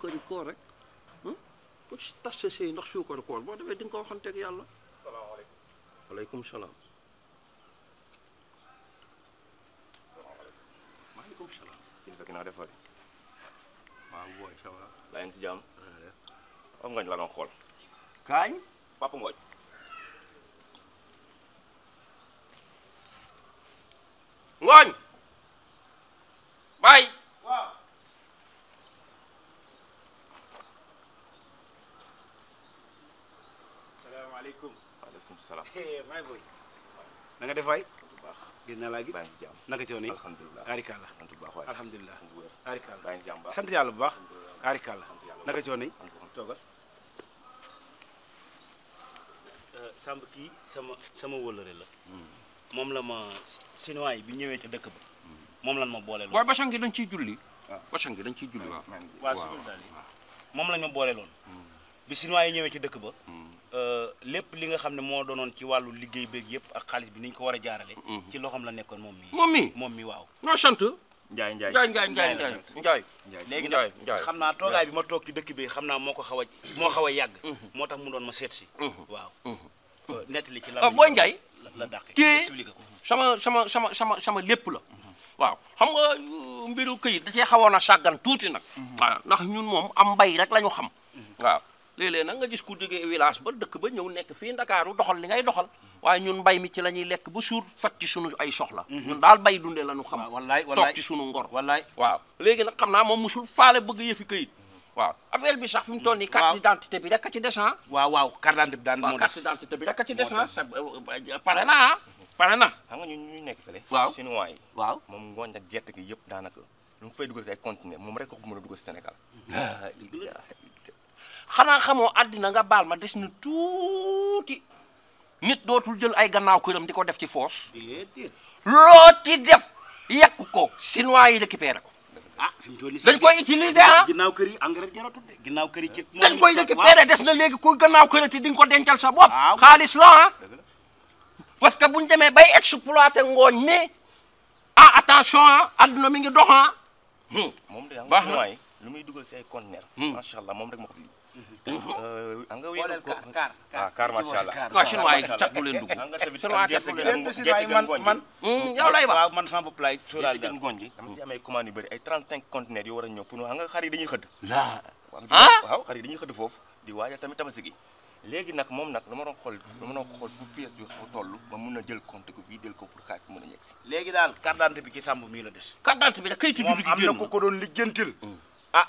suukaru koor rek ku tas sa sëy ndax suukaru koor boo demee di nga ko waxanteeg yàlla. salaamaaleykum. waaleykum salaam. naa defal. maa ngi ngi si jàmm. am ngañ xool. kaañ. Ngoñ. Ngoñ. Baye. waaleykum waaleykum salaam. maa ngi na nga def waay. bu baax gën naa laa gis. baa ngi jàmm naka ci woon yi. alhamdulilah arikalla. sant bu baax waay alhamdulilah. arikalla baa ngi jàmm baax. sant yàlla bu baax. arikalla naka ci woon yi. toogal. Euh, Samb kii sama sama wëllëre la. moom la ma chinois yi bi ñëwee ca dëkk ba. moom lan ma booleeloon. waaye Bachang gi dañ ciy julli. waaw ah. Bachang gi dañ ciy julli waaw. waaw waaw moom lañ ma booleeloon. Hmm. bi chinois yi ñëwee ci dëkk ba mm. euh, lépp li nga xam ne moo doonoon ci wàllu liggéey beeg yëpp ak xaalis bi ni ko war a jaarale mm-hmm. ci loxoom la nekkoon moom mi moom mi moom mi waaw noo sant Njaay Njaay Njaay Njaay Njaay léegi nag xam naa toogaay bi ma toog ci dëkk bi xam naa moo ko xaw a moo xaw a yàgg mm-hmm. moo tax mu doon ma seet si mm-hmm. waaw euh, nettali ci euh, la booy Njaay la dàqee kii sama sama sama sama sama lépp la waaw xam nga mbiru këyit da cee xawoon a sàggan tuuti nag waaw ndax ñun moom am mbay rek la ñu xam léeg-léeg nag nga gis ku jógee village ba dëkk ba ñëw nekk fii ndakaaru doxal li ngay doxal waaye ñun mbay mi ci la ñuy lekk bu suur fat ci sunu ay soxla mhm. ñun daal bay dunde la ñu xam toog ci sunu ngor wallaay waaw léegi nag xam naa moom musul faale bëgg yëfi këyit waaw affaire bi sax fi mu toll nii carte d'identité bi rek a ci des ah waaw waaw carte d'identité daan moo des carte d'identité bi rek a ci des ah pare na ah na xam nga ñun ñu nekk fële waaw chinois yi waaw moom ngooñ ak gerte gi yëpp daanaka lu mu fay dugal si ay moom rek ko mën a dugal Sénégal xanaa xamoo àddina nga baal ma des na tuuti nit dootul jël ay gannaaw këram di ko def ci foos loo ti def yàq ko chinois yi récupéré ko ah fi mu toll nii dañ koy utiliser ah ginnaaw kër yi engrais jaratul de kër yi ci dañ koy récupéré des na léegi ku gannaaw kër ti di nga ko dencal sa bopp ah, xaalis la ah parce que bu demee bay exploité ngooñ mi a ah, attention ah adduna mi ngi dox ah hmm. moom de ah, baax na lu muy dugal si ay conteneur hmm. macha allah moom rek ma Eh, nga wéyal ko kaar kaar ah, macha allah waaw chinois yi cat bu leen dugg. chinois gerte gi am gerte gi man man. Hmm, yow lay wax waaw man sama bopp laay sóoraal daal ngooñ ji dama si amay commande yu bëri ay 35 conteneurs yoo war a ñëw pour nga xar yi dañuy xëdd. laa ah waaw xar yi dañuy xëdd foofu di waajal tamit tabaski gi. léegi nag moom nag dama doon xool dama doon xool bu pièce bi xaw toll ma mun a jël compte ko fii jël ko pour xaalis bi mën a yegg si léegi daal carte d'identité bi ci sàmb mii la des carte d'identité bi da kayitu juddu gi génn moom am na ko ko doon lijjantil ah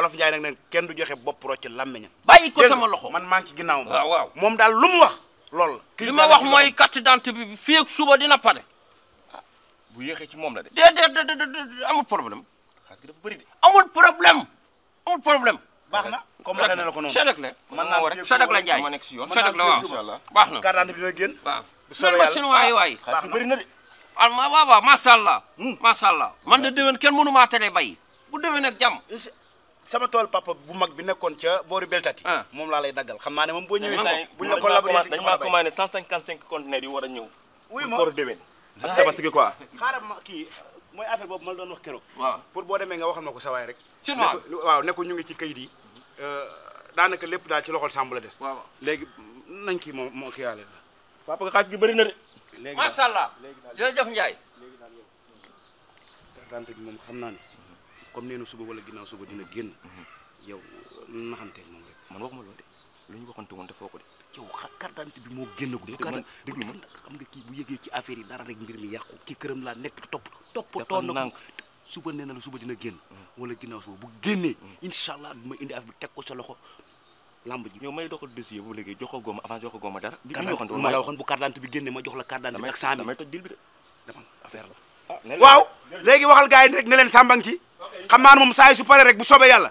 olof Njaay nag neen kenn du joxe bopp rocc làmmiñam bàyyi ko sama loxo man maa ngi ci ginnaaw wax loolu la ma wax mooy carte d'identité bi fii ak suba dina pare bu yéexee ci moom la de déedéet amul problème xaalis gi dafa bëri de amul problème amul problème baax na comme waxee na ko noonu Sadak la naa rek Sadak la Njaay ma nekk si yoon Sadak la waaw na carte d'identité bi dina génn waaw bu soobee yàlla seen waay waay xaalis gi bëri na de ah waaw hmm. man de hmm. déwén kenn mënu maa tere bay bu déwén ak sama tool papa bu mag bi nekkoon ca boori Beltati. Ah. moom laa lay daggal xam naa ne moom boo ñëwee. buñ la ko labouré dañ maa commandé 155 conteneurs yi war a ñëw. oui moom pour déwén. ak tabaski quoi. xaaral ma kii mooy affaire boobu ma la doon wax keroog. waaw pour boo demee nga waxal ma ko sa waay rek. chinois waaw ne ñu ngi ci kayit yi. Euh, daanaka lépp daal ci loxol Samb la des. waaw léegi nañ kii moom moo kii yaale la. papa nga xaalis gi bëri na de. léegi daal macha allah jërëjëf Ndiaye. léegi daal yow. moom xam naa ne comme nee na suba wala ginnaaw suba dina génn. Mhm. yow naxanteeg moom rek. man waxuma loolu de lu ñu waxante woon defoo ko de. yow carte d'identité bi moo génnagul. man déglu nga kii bu yëgee ci yi dara rek mbir mi yàqu. ci këram na ko la suba dina génn. Mhm. wala ginnaaw suba bu génnee. Mhm. incha allah duma indi affaire bi teg sa loxo. lamb ji yow may doxal dossier bu léegi jox ko góoma avant jox la ma la waxoon bu carte d'identité bi génne ma jox la carte d'identité bi ak 100000 damay damay toj dil bi de. la. Ah, waaw léegi waxal gars yi rek ne leen sàmbang xam naa moom saa yi su paree rek bu soobee yàlla.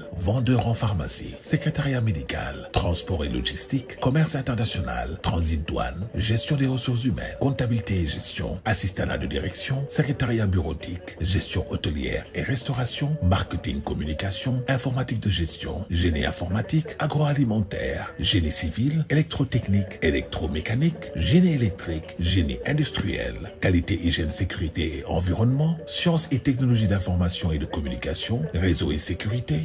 commercial, vendeur en pharmacie, secrétariat médical, transport et logistique, commerce international, transit douane, gestion des ressources humaines, comptabilité et gestion, assistanat de direction, secrétariat bureautique, gestion hôtelière et restauration, marketing communication, informatique de gestion, génie informatique, agroalimentaire, génie civil, électrotechnique, électromécanique, génie électrique, génie industriel, qualité, hygiène, sécurité et environnement, de communication, réseau et sécurité,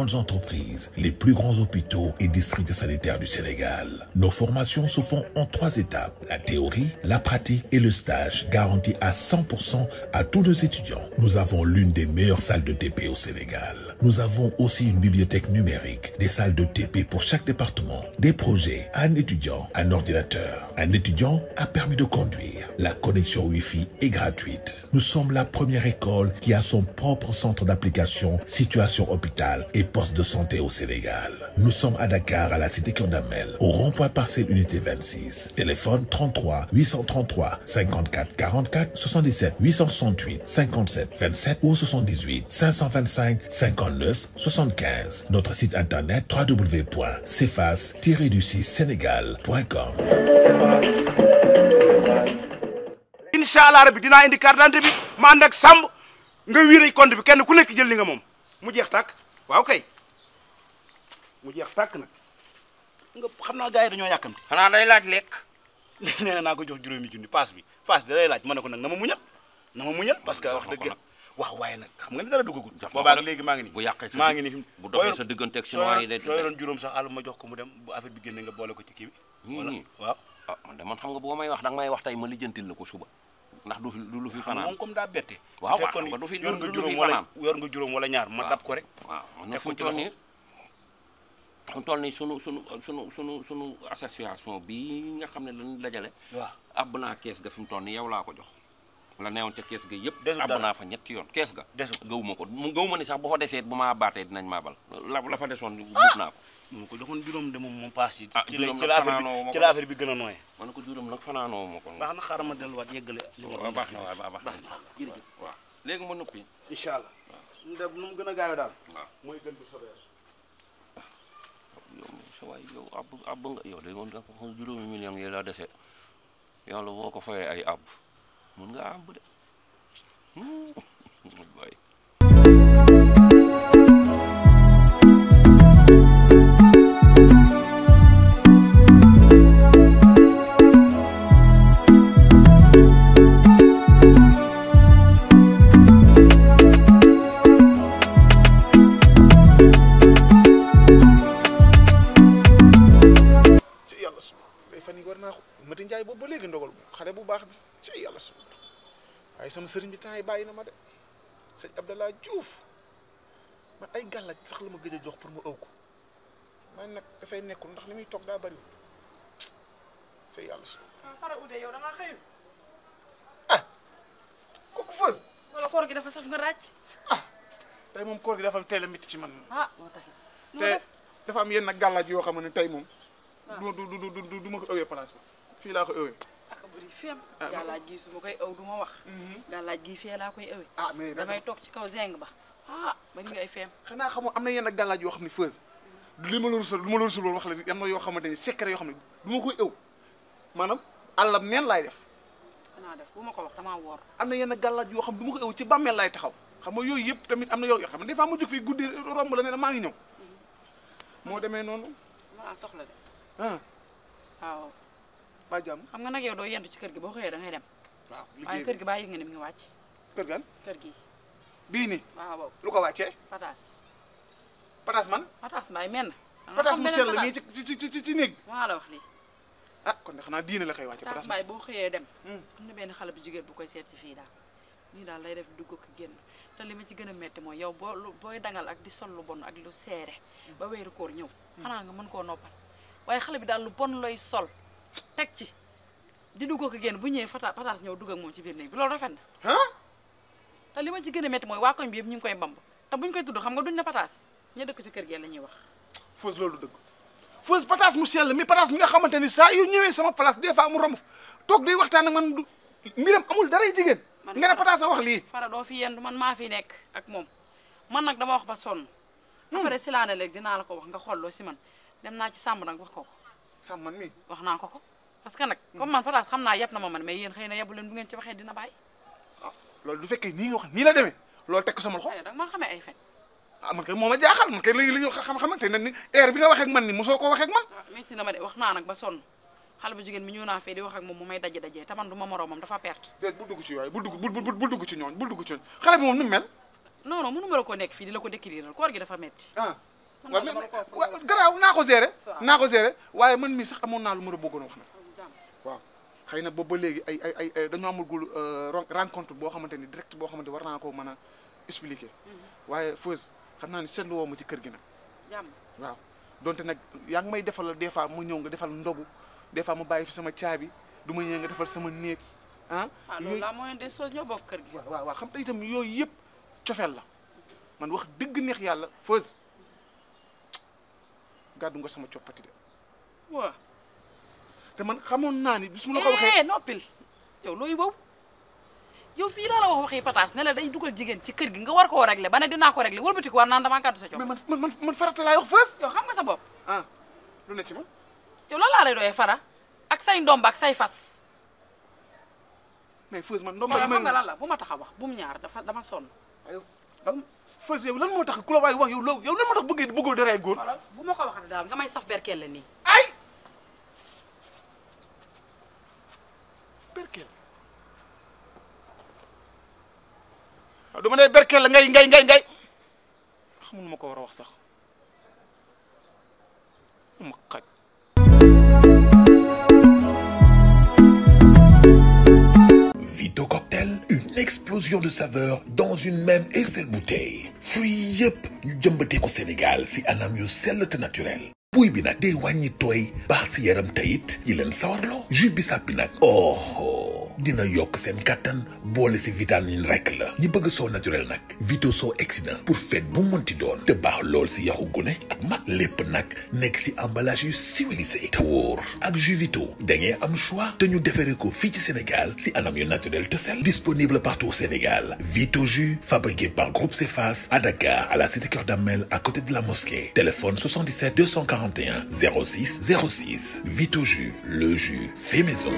grandes entreprises, les plus grands hôpitaux et districts sanitaires du Sénégal. Nos formations se font en trois étapes, la théorie, la pratique et le stage, garantis à à tous nos étudiants. Nous avons l'une des meilleures salles de TP au Sénégal. Nous avons aussi une bibliothèque numérique, des salles de TP pour chaque des projets, un étudiant, un ordinateur, La connexion Wi-Fi est gratuite. Nous sommes la première école qui a situation hôpital et poste de santé au Sénégal. Nous sommes à Dakar, à la cité Kondamel, au rond-point parcelle unité 26. Téléphone 33 833 59 75. Notre site internet www.cefas-du-6-sénégal.com. incha allah rabi dina indi carte d'identité bi ma ànd ak Samb nga wiire compte bi kenn ku nekk jël li nga moom mu jeex takk waaw kay mu jeex tàkk nag nga xam naa gars yi dañoo yàkkamti. xanaa day laaj lekk. nee na naa ko jox juróomi junni paas bi paas bi da lay laaj ma ne ko nag na ma muñal na ma muñal parce que wax dëgg waaw waaye nag xam nga ni dara duggagul boobaak léegi maa ngi nii bu yàqee sa maa ngi nii bu doxee sa diggante ak chinois yi soo yoroon juróom ko mu dem bu affaire nga ko ci kii bi wala waaw ah, wax da nga may wax tey ma lijjantil la ko suba ndax du lu fi fanaan moom comme daa bette waaw fekkoon du fi yor nga juróom wala yor nga juróom wala ñaar ma dab ko rek waaw man fu mu toll nii fu mu toll sunu sunu sunu sunu sunu association bi nga xam ne lañ dajale waaw ab naa kees ga fi mu toll nii yow laa ko jox la neewoon ca kees ga yëpp àbb naa fa ñetti yoon kees ga gawuma ko gawuma ni sax bu fa desee bu ma baatee dinañ maa bal la la fa desoon buub ah! naa ko mu ko joxoon juróom de moom moom paas yi ah, ci la affaire bi gën a nooye ma ne ko juróom nag fanaanoo ma ko baax na xaaral ma delluwaat yeggale oh, waaw baax na waaw baax na jërëjëf waaw léegi ma noppi incha allah waaw nu mu gën a gaayo daal waaw mooy gën bu sobee yow sa waay yow de moom juróomi ko fayee ay àbb mun nga am bu de hmm. boy Mati Njaay boobu ba léegi ndogal xale bu baax bi ci yàlla suñu borom waaye sama sëriñ bi temps yi bàyyi na ma de sëñ Abdallah Diouf man ay gàllaaj sax la ma gëj jox pour mu ëw ko man nag dafay nekkul ndax li muy toog daa bëriwul ci yàlla ah, ah, gi dafa saf nga ràcc. ah moom koor gi teel a ci man. ah moo am yenn nag gàllaaj yoo xam ne tey moom. Ah. du du du du du ma ko ëwee place bi fii laa ko ëwee. bëri féem ah, gàllaaj gi su koy aw du ma wax mm-hmm. gàllaaj gi fee laa koy awee ah mais damay toog ci kaw zeng ba ah bari nga ay féem xanaa xamoo am na yenn gàllaaj xam ne feuse li ma la rusul li ma la rusul wax la am na yoo xamante ni secret yoo xam ne du ma koy ëw maanaam àllam neen laay def naa def bu ma ko wax damaa woor am na yenn gàllaaj yoo xam ne du ma koy ëw ci bàmmeel laay taxaw xam nga yooyu yëpp tamit am na yoo yoo xam ne des fois fi jóg guddi romb la ne maa ngi ñëw mm-hmm. moo demee noonu ma soxla de ah. ba jàmm xam nga nag yow doo yendu ci kër gi boo xëyee da ngay dem waaw liggéey waaye kër gi bàyyi nga ni mu ngi wàcc kër gan kër gi bii nii waaw boobu lu ko wàccee pataas pataas man pataas mbaay menn pataas mu sell nii ci néeg maa la wax lii ah kon de xanaa diine la koy wàcce pataas boo xëyee dem hmm. am na benn xale bu jigéen bu koy seet si fii daal nii daal lay def dugg ak génn te li ma ci gën a métti mooy yow boo booy dangal ak di sol lu bon ak lu seere hmm. ba weeru koor ñëw hmm. xanaa mën koo noppal waaye xale bi daal lu bon sol teg ci di dugg ko génn bu ñëwee fata pataas ñëw dugg ak moom ci biir néeg bi loolu rafet na. ah. te li ma ci gën mooy waa koñ bi yëpp ñu ngi koy mbamb te buñ koy tudd xam nga duñ ne pataas ña dëkk ci kër gi la ñuy wax. Fausse loolu dëgg Fausse pataas mu sell mi pataas mi nga xamante ni saa yu ñëwee sama place des fois mu romb toog day waxtaan a man du mbiram amul dara jigéen. nga ne pataas a wax lii. fara doo fi yendu man maa fi nekk ak moom man nag dama wax ba sonn. Hmm. après si laa ne léegi dinaa la ko wax nga xool si man dem naa ci sàmm nag wax ko sax man mi wax naa ko ko parce que nag comme man Faraas xam naa yab na ma man mais yéen xëy na yabu leen bu ngeen ci waxee dina bàyyi ah loolu du fekkee nii la demee loolu teg sama xol da nga maa xamee ay fen ah, man kay moom a jaaxal man kay léegi li mi ah, ñëw naa fee di moom mu may daje dajee te du ma moroomam dafa perte bul dugg ci yooyu bul dugg ci ñooñ xale bi moom nu mel non non mënu la ko nekk fii di la ko décrire koor gi dafa metti ah. waaw mais garaaw naa ko gérer naa ko gérer waaye man mi sax amoon naa lu ma la bëggoon wax nag waaw xëy na boobu ba léegi ay ay ay dañoo amul gul euh, rencontre boo xamante ni direct boo xamante war naa ko mën a expliquer mm-hmm. waaye Feuz xam naa ne seetlu woo ma ci kër gi nag waaw donte nag yaa ngi may defal des fois mu ñëw nga defal ndobu des fois mu bàyyi fi sama caabi du ma ñëw nga defal sama néeg ah, ah loolu la moyen des choses ñoo kër gi waaw waaw xam te tam yooyu yëpp cofeel la man wax dëgg neex yàlla Feuz gàddu nga sama coppati de. waaw te man xamoon naa ni bis mu la ko waxee. Eh, noppil yow looy wow yow fii laa la wax waxi pataas day dugal jigéen ci kër gi nga war koo régler ba ne dinaa ko régler wëlbati ko war naan damaa gàddu sa coppati. mais man man man farata laa yow xam nga sa bopp. ah ne ci yow lan laa lay doyee fara ak say ndomba ak say fas. mais fees man ndomba yi man bu ma tax a wax bu mu ñaar dafa dama sonn. fas yow lan moo tax ku la waay wax yow loolu yow lan moo tax bëgg bëggoo dara ay góor. bu ma ko waxee daal nga may saf berkeel la nii. ay berkeel waaw ah, du ma ne berkeel la ngay ngay ngay ngay xamul ma ko war a wax sax ma xaj. Vito Cocktail. l'explosion de saveur dans une même et seule bouteille fruits yi yëpp ñu jëmbatee ko Sénégal si anam yu sell te naturel buy bi nag day wàññi tooy baax si yaram tayit yi leen sawarloo jus bisaab bi nag oh dina yokk seen kàttan boole si vitamine rek la ñi bëgg soo naturel nag Vito soo exsident pour fête bu mënti doon te baax lool si yaxu gune ak mag lépp nag nekk si emballage yu civilisé te wóor ak jus Vito da ngeen am choix te ñu defaree ko fii ci Sénégal si anam yu naturel te sell disponible partout au Sénégal Vito jus fabriqué par Groupe Cefas à Dakar à la cité Keur Damel 41 06 06. Vite au jus, fait maison.